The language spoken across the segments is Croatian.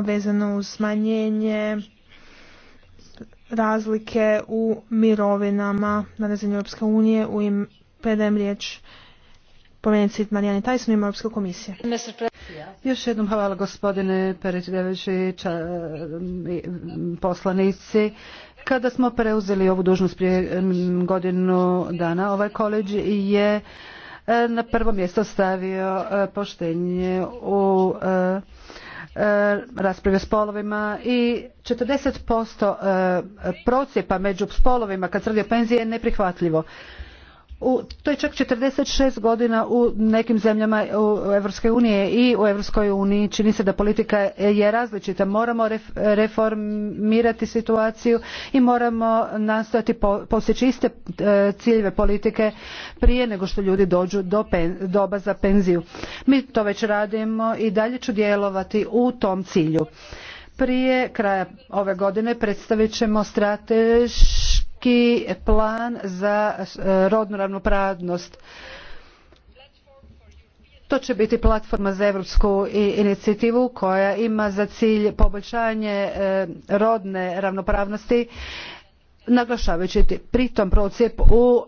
vezano uz smanjenje razlike u mirovinama na razini Europske unije u im predajem riječ pomenici Marijani Tajson i Europske komisije. Još jednom hvala gospodine predsjedavajući poslanici. Kada smo preuzeli ovu dužnost prije godinu dana, ovaj koleđ je e, na prvo mjesto stavio e, poštenje u e, E, rasprave o spolovima i 40% e, procjepa među spolovima kad se radi o penziji je neprihvatljivo u, to je čak 46 godina u nekim zemljama Europske unije i u Europskoj uniji čini se da politika je različita. Moramo reformirati situaciju i moramo nastojati postići iste e, ciljeve politike prije nego što ljudi dođu do doba za penziju. Mi to već radimo i dalje ću djelovati u tom cilju. Prije kraja ove godine predstavit ćemo strateš plan za e, rodnu ravnopravnost. To će biti platforma za europsku inicijativu koja ima za cilj poboljšanje e, rodne ravnopravnosti naglašavajući pritom procjep u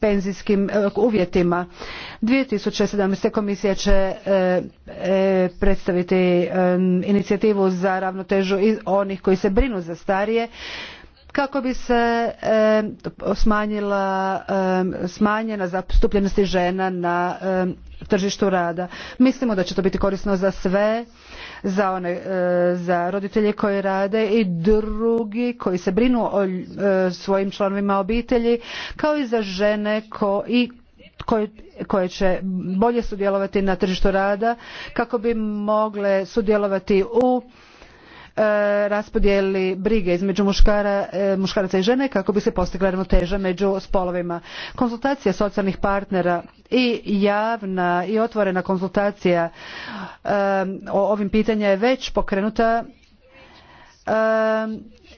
penzijskim e, uvjetima. 2017. komisija će predstaviti inicijativu za ravnotežu onih koji se brinu za starije kako bi se smanjila smanjena zastupljenost žena na tržištu rada. Mislimo da će to biti korisno za sve, za one, e, za roditelje koji rade i drugi koji se brinu o e, svojim članovima obitelji, kao i za žene koje će bolje sudjelovati na tržištu rada kako bi mogle sudjelovati u E, raspodjeli brige između e, muškaraca i žene kako bi se postigla ravnoteža među spolovima. Konsultacija socijalnih partnera i javna i otvorena konzultacija e, o ovim pitanjima je već pokrenuta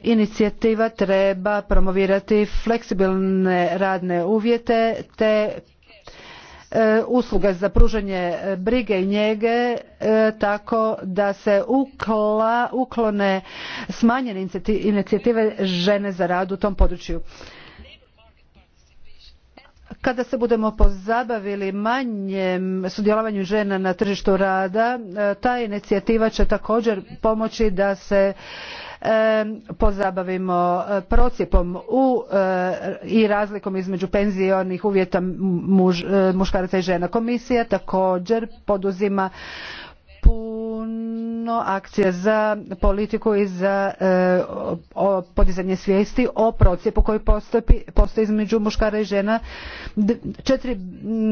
inicijativa treba promovirati fleksibilne radne uvjete te E, usluge za pružanje e, brige i njege e, tako da se uklone smanjene inicijative žene za rad u tom području kada se budemo pozabavili manjem sudjelovanju žena na tržištu rada ta inicijativa će također pomoći da se pozabavimo e, procjepom u, e, i razlikom između penzionih uvjeta e, muškaraca i žena. Komisija također poduzima naravno akcija za politiku i za e, podizanje svijesti o procjepu koji postoji, između muškara i žena. Četiri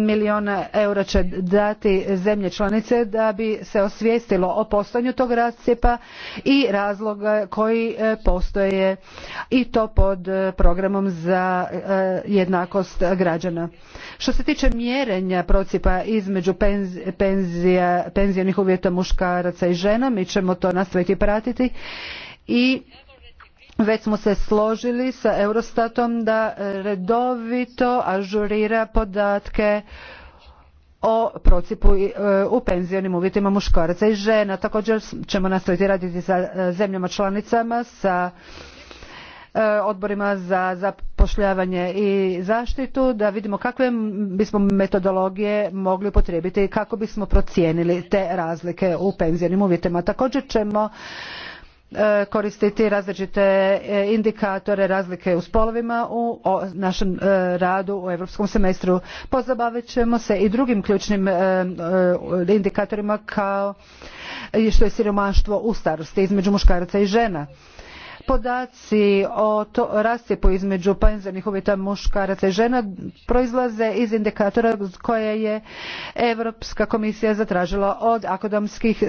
milijuna eura će dati zemlje članice da bi se osvijestilo o postojanju tog rascjepa i razloga koji e, postoje i to pod e, programom za jednakost građana. Što se tiče mjerenja procjepa između penzija, uvjeta muškaraca i žena, mi ćemo to nastaviti pratiti i već smo se složili sa Eurostatom da redovito ažurira podatke o procipu e, u penzionim uvjetima muškaraca i žena. Također ćemo nastaviti raditi sa e, zemljama članicama, sa Eh, odborima za zapošljavanje i zaštitu da vidimo kakve bismo metodologije mogli upotrijebiti kako bismo procijenili te razlike u penzijskim uvjetima. Također ćemo eh, koristiti različite eh, indikatore razlike u spolovima u našem radu u europskom semestru. Pozabavit ćemo se i drugim ključnim indikatorima kao što je siromaštvo u starosti između muškaraca i žena Podaci o to, između penzionih uvjeta muškaraca i žena proizlaze iz indikatora koje je Europska komisija zatražila od akademskih,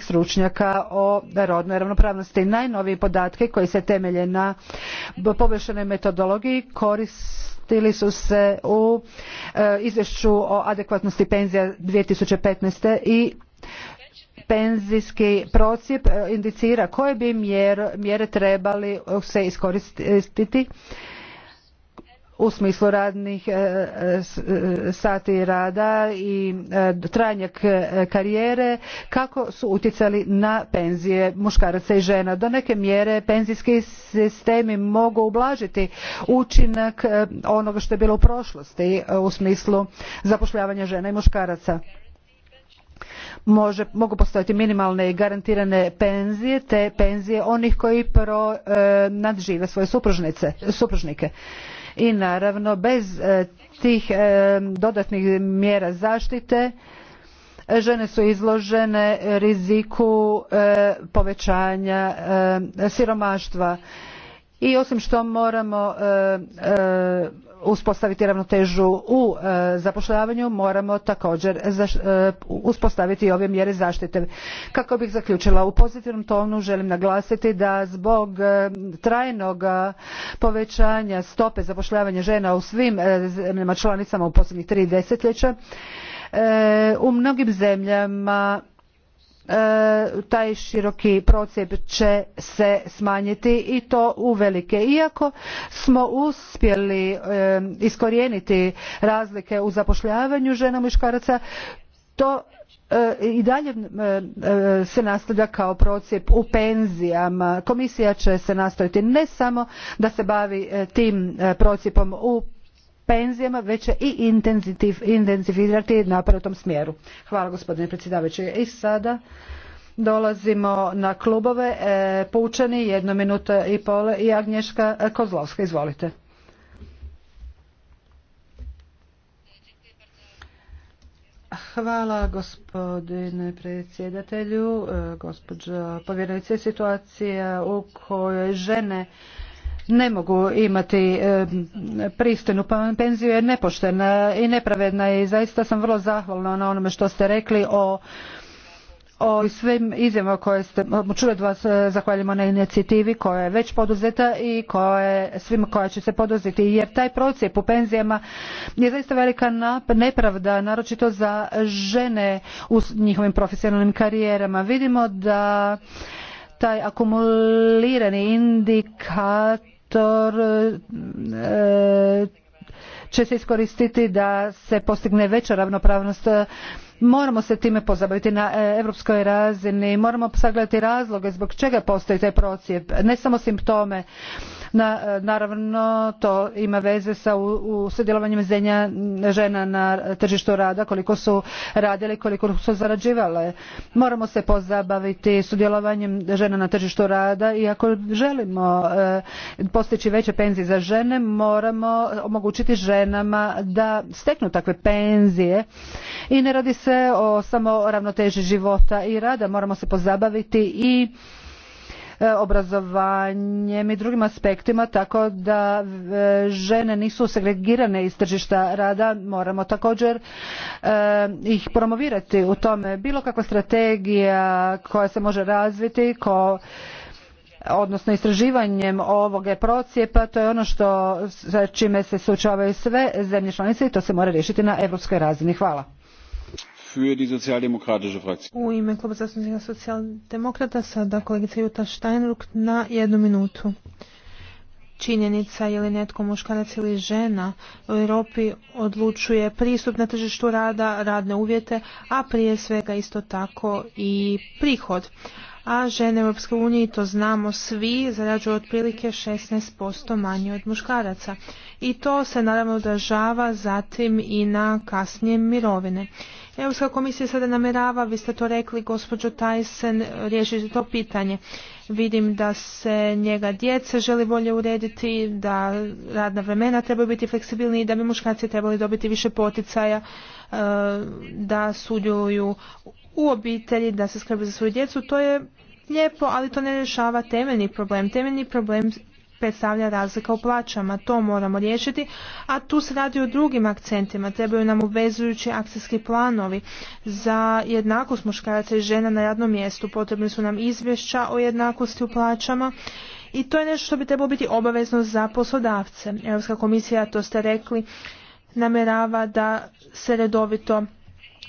stručnjaka o rodnoj ravnopravnosti. Najnoviji podatke koji se temelje na poboljšanoj metodologiji koristili su se u e, izvješću o adekvatnosti penzija 2015. i penzijski procjep e, indicira koje bi mjere, mjere trebali se iskoristiti u smislu radnih e, e, sati rada i trajanja karijere kako su utjecali na penzije muškaraca i žena. Do neke mjere penzijski sistemi mogu ublažiti učinak onoga što je bilo u prošlosti u smislu zapošljavanja žena i muškaraca mogu postojati minimalne i garantirane penzije te penzije onih koji pro, e, nadžive svoje supružnike i naravno bez e, tih e, dodatnih mjera zaštite žene su izložene riziku povećanja siromaštva i osim što moramo e, e, uspostaviti ravnotežu u e, zapošljavanju moramo također uspostaviti ove mjere zaštite. Kako bih zaključila u pozitivnom tonu želim naglasiti da zbog trajnog povećanja stope zapošljavanja žena u svim zemljama članicama u posljednjih tri desetljeća u mnogim zemljama E, taj široki procjep će se smanjiti i to uvelike. Iako smo uspjeli e, iskorijeniti razlike u zapošljavanju žena muškaraca, to e, i dalje se nastavlja kao procijep u penzijama. Komisija će se nastojati ne samo da se bavi tim procjepom u penzijama, već će i intenzivirati na u smjeru. Hvala gospodine predsjedavajući. I sada dolazimo na klubove. E, Poučani, Pučani, minuta i pol i Agnješka Kozlovska. Izvolite. Hvala gospodine predsjedatelju, e, gospođo povjerenice. Situacija u kojoj žene ne mogu imati pristojnu pa- penziju je nepoštena i nepravedna i zaista sam vrlo zahvalna na onome što ste rekli o o svim izjavama koje ste čuli od vas e, zahvaljujemo na inicijativi koja je već poduzeta i svima koja će se poduzeti jer taj procjep u penzijama je zaista velika nepravda naročito za žene u njihovim profesionalnim karijerama. Vidimo da taj akumulirani indikat sektor e, će se iskoristiti da se postigne veća ravnopravnost moramo se time pozabaviti na europskoj razini moramo sagledati razloge zbog čega postoji taj procijep ne samo simptome E, naravno to ima veze sa sudjelovanjem žena na tržištu rada koliko su radile i koliko su zarađivale. Moramo se pozabaviti sudjelovanjem žena na tržištu rada i ako želimo e, postići veće penzije za žene moramo omogućiti ženama da steknu takve penzije i ne radi se o samo ravnoteži života i rada moramo se pozabaviti i E, obrazovanjem i drugim aspektima tako da e, žene nisu segregirane iz tržišta rada moramo također e, ih promovirati u tome bilo kakva strategija koja se može razviti ko odnosno istraživanjem ovog procijepa to je ono što čime se sučavaju sve zemlje članice i to se mora riješiti na europskoj razini. Hvala. U ime kluba zastupnika socijaldemokrata sada kolegica Juta Steinruck na jednu minutu. Činjenica je li netko muškarac ili žena u Europi odlučuje pristup na tržištu rada, radne uvjete, a prije svega isto tako i prihod a žene u Europskoj uniji, to znamo svi, zarađuju otprilike 16% manje od muškaraca. I to se naravno odražava zatim i na kasnije mirovine. Europska komisija sada namjerava, vi ste to rekli, gospođo Tyson, riješiti to pitanje. Vidim da se njega djece želi bolje urediti, da radna vremena trebaju biti fleksibilniji, da bi muškarci trebali dobiti više poticaja, e, da sudjeluju u obitelji, da se skrbi za svoju djecu, to je lijepo, ali to ne rješava temeljni problem. Temeljni problem predstavlja razlika u plaćama, to moramo riješiti, a tu se radi o drugim akcentima, trebaju nam obvezujući akcijski planovi za jednakost muškaraca i žena na radnom mjestu, potrebni su nam izvješća o jednakosti u plaćama i to je nešto što bi trebalo biti obavezno za poslodavce. Europska komisija, to ste rekli, namjerava da se redovito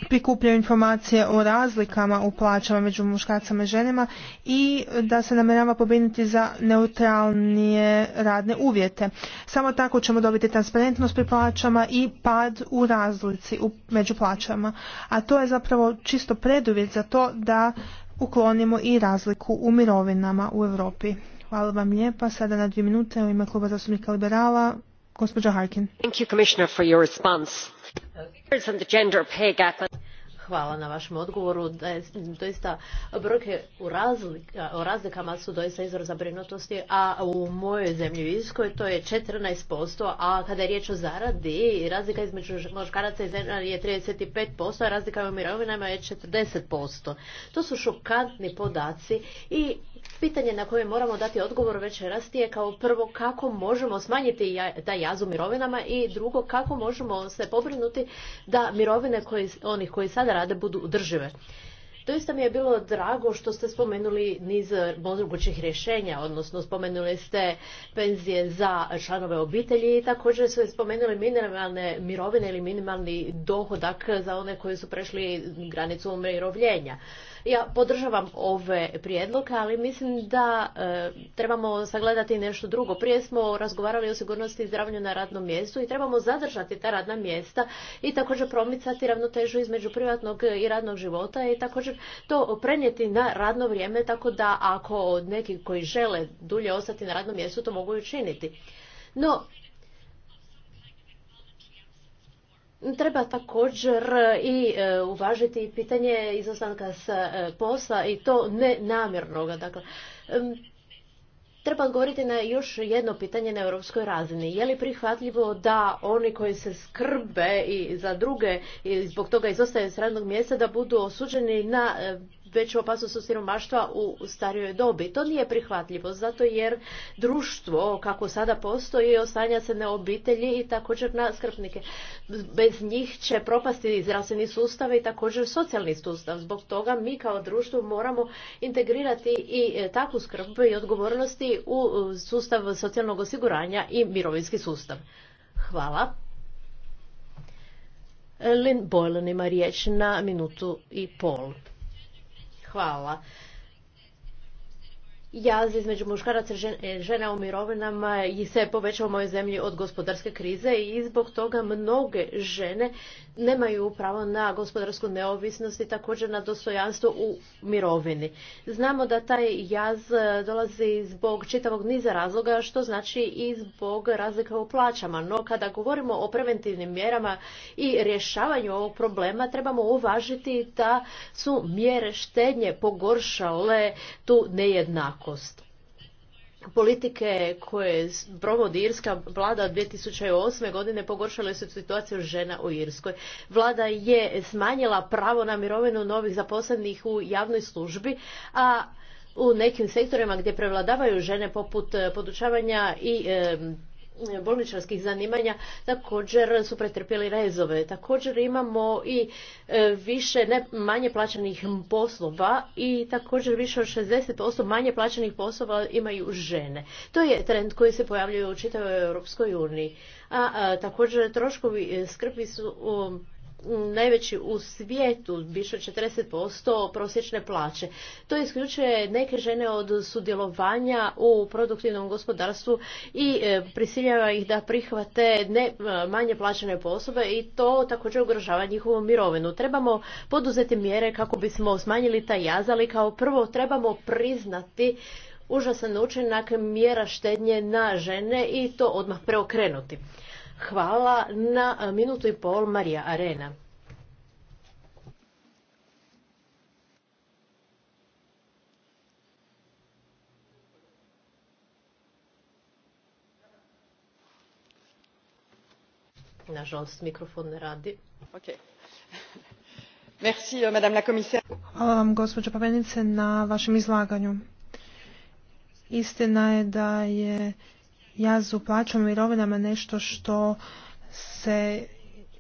prikupljaju informacije o razlikama u plaćama među muškarcama i ženama i da se namjerava pobrinuti za neutralnije radne uvjete. Samo tako ćemo dobiti transparentnost pri plaćama i pad u razlici među plaćama. A to je zapravo čisto preduvjet za to da uklonimo i razliku u mirovinama u Europi. Hvala vam lijepa. Sada na dvije minute u ime Kluba zastupnika liberala gospođa Harkin. Thank you, figures on the gender pay gap. Hvala na vašem odgovoru. doista brojke u o razlikama su doista izvor zabrinutosti, a u mojoj zemlji u Irskoj to je 14%, a kada je riječ o zaradi, razlika između muškaraca i žena je 35%, a razlika u mirovinama je 40%. To su šokantni podaci i pitanje na koje moramo dati odgovor večeras je kao prvo kako možemo smanjiti taj jaz u mirovinama i drugo kako možemo se pobrinuti da mirovine onih koji sada rade budu održive. Doista mi je bilo drago što ste spomenuli niz mogućih rješenja, odnosno spomenuli ste penzije za članove obitelji i također ste spomenuli minimalne mirovine ili minimalni dohodak za one koji su prešli granicu umirovljenja. Ja podržavam ove prijedloge, ali mislim da e, trebamo sagledati nešto drugo. Prije smo razgovarali o sigurnosti i zdravlju na radnom mjestu i trebamo zadržati ta radna mjesta i također promicati ravnotežu između privatnog i radnog života i također to prenijeti na radno vrijeme tako da ako neki koji žele dulje ostati na radnom mjestu to mogu učiniti. No, Treba također e, i e, uvažiti pitanje izostanka s e, posla i to ne namjernoga. Dakle, treba odgovoriti na još jedno pitanje na europskoj razini. Je li prihvatljivo da oni koji se skrbe i za druge i zbog toga izostaju s radnog mjesta da budu osuđeni na veću opasnost od siromaštva u starijoj dobi. To nije prihvatljivo, zato jer društvo, kako sada postoji, ostanja se na obitelji i također na skrbnike. Bez njih će propasti zdravstveni sustav i također socijalni sustav. Zbog toga mi kao društvo moramo integrirati i e, takvu skrb i odgovornosti u sustav socijalnog osiguranja i mirovinski sustav. Hvala. Lynn Boylan ima riječ na minutu i pol. Hvala jaz između muškaraca i e, žena u mirovinama i se povećao u mojoj zemlji od gospodarske krize i zbog toga mnoge žene nemaju pravo na gospodarsku neovisnost i također na dostojanstvo u mirovini. Znamo da taj jaz e, dolazi zbog čitavog niza razloga što znači i zbog razlika u plaćama. No kada govorimo o preventivnim mjerama i rješavanju ovog problema trebamo uvažiti da su mjere štednje pogoršale tu nejednakost jednakost. Politike koje provodi Irska vlada 2008. godine pogoršale su situaciju žena u Irskoj. Vlada je smanjila pravo na mirovinu novih zaposlenih u javnoj službi, a u nekim sektorima gdje prevladavaju žene poput eh, podučavanja i bolničarskih zanimanja također su pretrpjeli rezove. Također imamo i e, više ne, manje plaćenih poslova i također više od 60% manje plaćenih poslova imaju žene. To je trend koji se pojavljuje u čitavoj Europskoj uniji. A, također troškovi e, skrbi su um, najveći u svijetu, više od 40% prosječne plaće. To isključuje neke žene od sudjelovanja u produktivnom gospodarstvu i e, prisiljava ih da prihvate e, manje plaćene poslove i to također ugrožava njihovu mirovinu. Trebamo poduzeti mjere kako bismo smanjili taj jaz, ali kao prvo trebamo priznati užasan učinak mjera štednje na žene i to odmah preokrenuti. Hvala na minutu i pol Marija Arena. Nažalost, mikrofon ne radi. Ok. Merci, euh, madame la commissaire. Hvala vam, gospođo Pavenice, na vašem izlaganju. Istina je da je jaz u i mirovinama nešto što se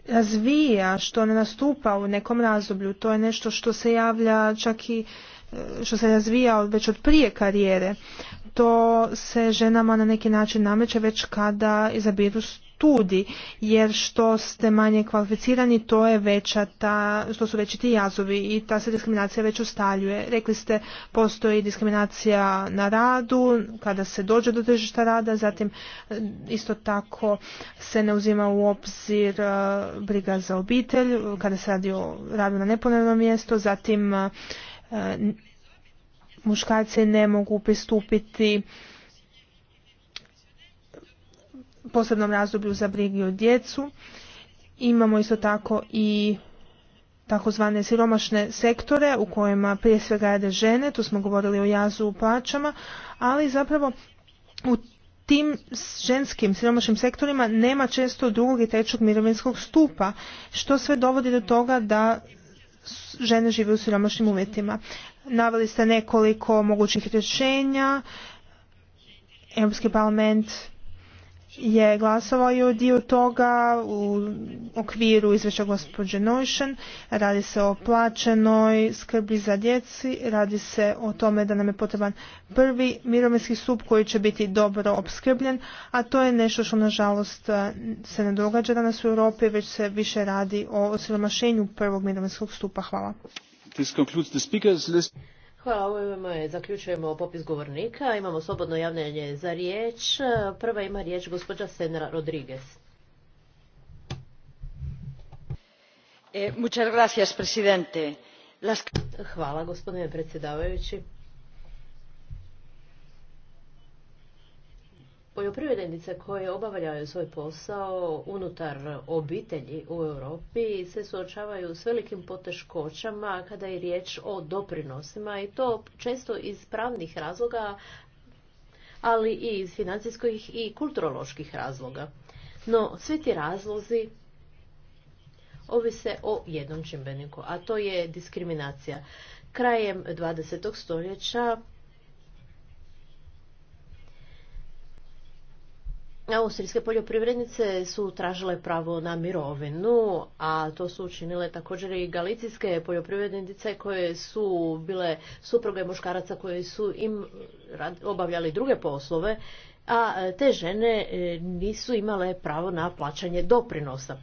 razvija, što ne nastupa u nekom razdoblju. To je nešto što se javlja čak i e, što se razvija već od prije karijere. To se ženama na neki način nameće već kada izabiru studij, jer što ste manje kvalificirani, to je veća ta, što su veći ti jazovi i ta se diskriminacija već ustaljuje. Rekli ste, postoji diskriminacija na radu, kada se dođe do tržišta rada, zatim eh, isto tako se ne uzima u obzir eh, briga za obitelj, kada se radi o radu na neponovno mjesto, zatim eh, muškarci ne mogu pristupiti posebnom razdoblju za brigi o djecu. Imamo isto tako i takozvane siromašne sektore u kojima prije svega rade žene, tu smo govorili o jazu u plaćama, ali zapravo u tim ženskim siromašnim sektorima nema često drugog i trećeg mirovinskog stupa, što sve dovodi do toga da žene žive u siromašnim uvjetima. Naveli ste nekoliko mogućih rješenja, Europski parlament je glasovao i dio toga u okviru izvješća gospođe Nojšen. Radi se o plaćenoj skrbi za djeci, radi se o tome da nam je potreban prvi mirovinski stup koji će biti dobro opskrbljen, a to je nešto što nažalost se ne događa danas u Europi, već se više radi o osiromašenju prvog mirovinskog stupa. Hvala. Hvala, pa, ovime zaključujemo popis govornika. Imamo slobodno javljanje za riječ. Prva ima riječ gospođa Senra Rodriguez. Eh, Hvala, gospodine predsjedavajući Poljoprivrednice koje obavljaju svoj posao unutar obitelji u Europi se suočavaju s velikim poteškoćama kada je riječ o doprinosima i to često iz pravnih razloga, ali i iz financijskih i kulturoloških razloga. No, svi ti razlozi ovise o jednom čimbeniku, a to je diskriminacija. Krajem 20. stoljeća Austrijske poljoprivrednice su tražile pravo na mirovinu, a to su učinile također i galicijske poljoprivrednice koje su bile supruge muškaraca koji su im obavljali druge poslove, a te žene e, nisu imale pravo na plaćanje doprinosa.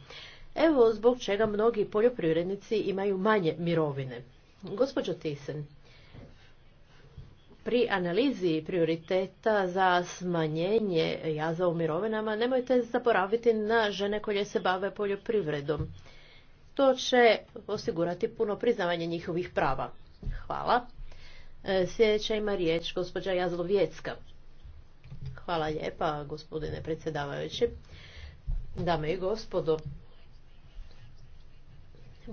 Evo zbog čega mnogi poljoprivrednici imaju manje mirovine. Gospođo Tisen, pri analizi prioriteta za smanjenje jaza u mirovinama nemojte zaboraviti na žene koje se bave poljoprivredom. To će osigurati puno priznavanje njihovih prava. Hvala. E, sljedeća ima riječ gospođa Jazlovjecka. Hvala lijepa gospodine predsjedavajući. Dame i gospodo,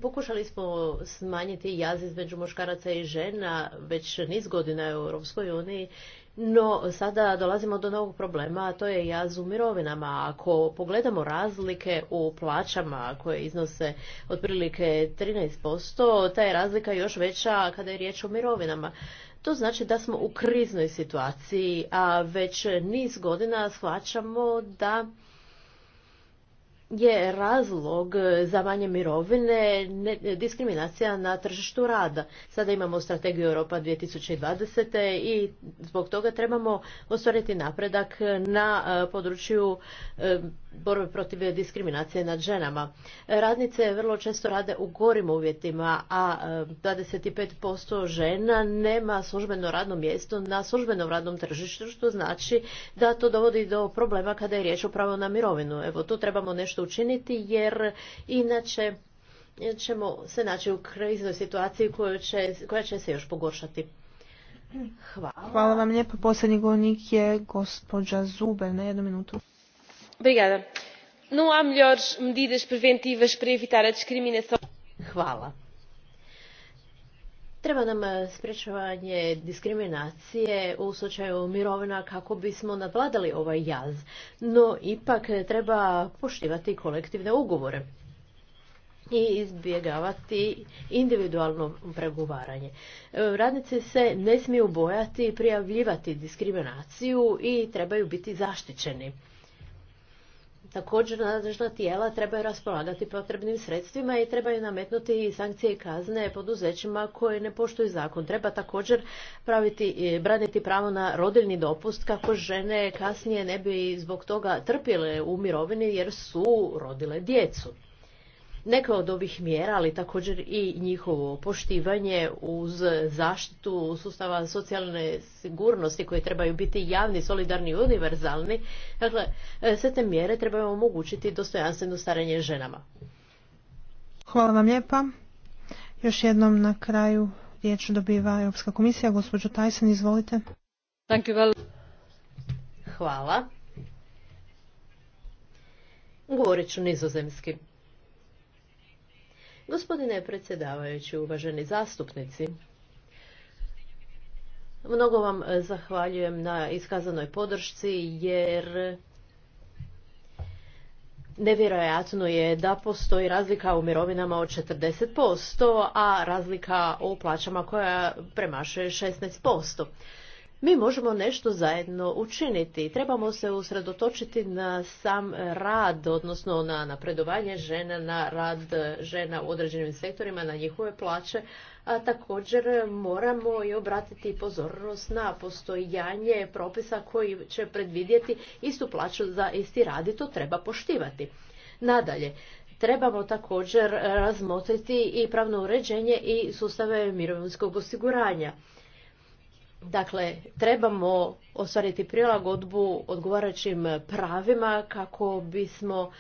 Pokušali smo smanjiti jaz između muškaraca i žena već niz godina u Europskoj uniji, no sada dolazimo do novog problema, a to je jaz u mirovinama. Ako pogledamo razlike u plaćama koje iznose otprilike 13%, ta je razlika još veća kada je riječ o mirovinama. To znači da smo u kriznoj situaciji, a već niz godina shvaćamo da je razlog za manje mirovine diskriminacija na tržištu rada. Sada imamo strategiju Europa 2020. i zbog toga trebamo ostvariti napredak na e, području e, borbe protiv diskriminacije nad ženama. Radnice vrlo često rade u gorim uvjetima, a 25% e, žena nema službeno radno mjesto na službenom radnom tržištu, što znači da to dovodi do problema kada je riječ o pravo na mirovinu. Evo, tu trebamo nešto učiniti jer inače ćemo se naći u kriznoj situaciji će, koja će se još pogoršati. Hvala. Hvala vam lijepo. Posljednji govornik je gospođa Zuber na jednu minutu. Brigada. Não há melhores medidas preventivas para evitar a discriminação. Hvala. Treba nam e, sprečavanje diskriminacije u slučaju mirovina kako bismo nadvladali ovaj jaz, no ipak e, treba poštivati kolektivne ugovore i izbjegavati individualno pregovaranje. E, Radnice se ne smiju bojati prijavljivati diskriminaciju i trebaju biti zaštićeni. Također nadležna tijela trebaju raspolagati potrebnim sredstvima i trebaju nametnuti sankcije i kazne poduzećima koje ne poštuju zakon. Treba također praviti, e, braniti pravo na rodiljni dopust kako žene kasnije ne bi zbog toga trpjele u mirovini jer su rodile djecu neke od ovih mjera, ali također i njihovo poštivanje uz zaštitu sustava socijalne sigurnosti koje trebaju biti javni, solidarni i univerzalni. Dakle, sve te mjere trebaju omogućiti dostojanstveno staranje ženama. Hvala vam lijepa. Još jednom na kraju riječ dobiva Europska komisija. Gospođo Tajsen, izvolite. Thank you Hvala. Govorit ću nizozemski. Gospodine predsjedavajući, uvaženi zastupnici, mnogo vam e, zahvaljujem na iskazanoj podršci jer nevjerojatno je da postoji razlika u mirovinama od 40%, a razlika u plaćama koja premašuje 16% mi možemo nešto zajedno učiniti. Trebamo se usredotočiti na sam rad, odnosno na napredovanje žena, na rad žena u određenim sektorima, na njihove plaće, a također moramo i obratiti pozornost na postojanje propisa koji će predvidjeti istu plaću za isti rad i to treba poštivati. Nadalje, trebamo također razmotriti i pravno uređenje i sustave mirovinskog osiguranja. Dakle, trebamo ostvariti prilagodbu odgovarajućim pravima kako bismo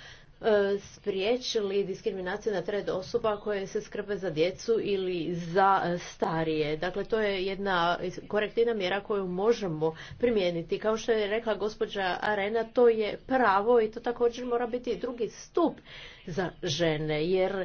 e, spriječili diskriminaciju na tred osoba koje se skrbe za djecu ili za starije. Dakle, to je jedna korektivna mjera koju možemo primijeniti. Kao što je rekla gospođa Arena, to je pravo i to također mora biti drugi stup za žene, jer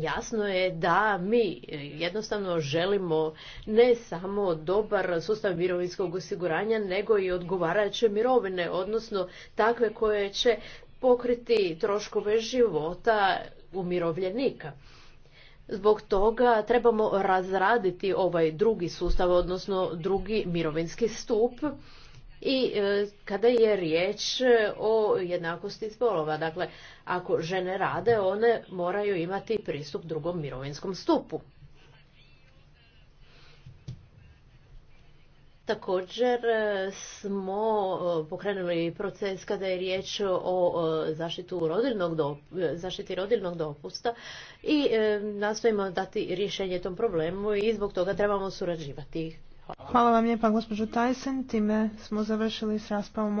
Jasno je da mi jednostavno želimo ne samo dobar sustav mirovinskog osiguranja, nego i odgovarajuće mirovine, odnosno takve koje će pokriti troškove života umirovljenika. Zbog toga trebamo razraditi ovaj drugi sustav, odnosno drugi mirovinski stup i e, kada je riječ e, o jednakosti spolova. Dakle, ako žene rade, one moraju imati pristup drugom mirovinskom stupu. Također e, smo pokrenuli proces kada je riječ o zaštitu zaštiti rodilnog dopusta i nastojimo dati rješenje tom problemu i zbog toga trebamo surađivati. Hvala vam lijepa gospođo Tyson. Time smo završili s raspravom.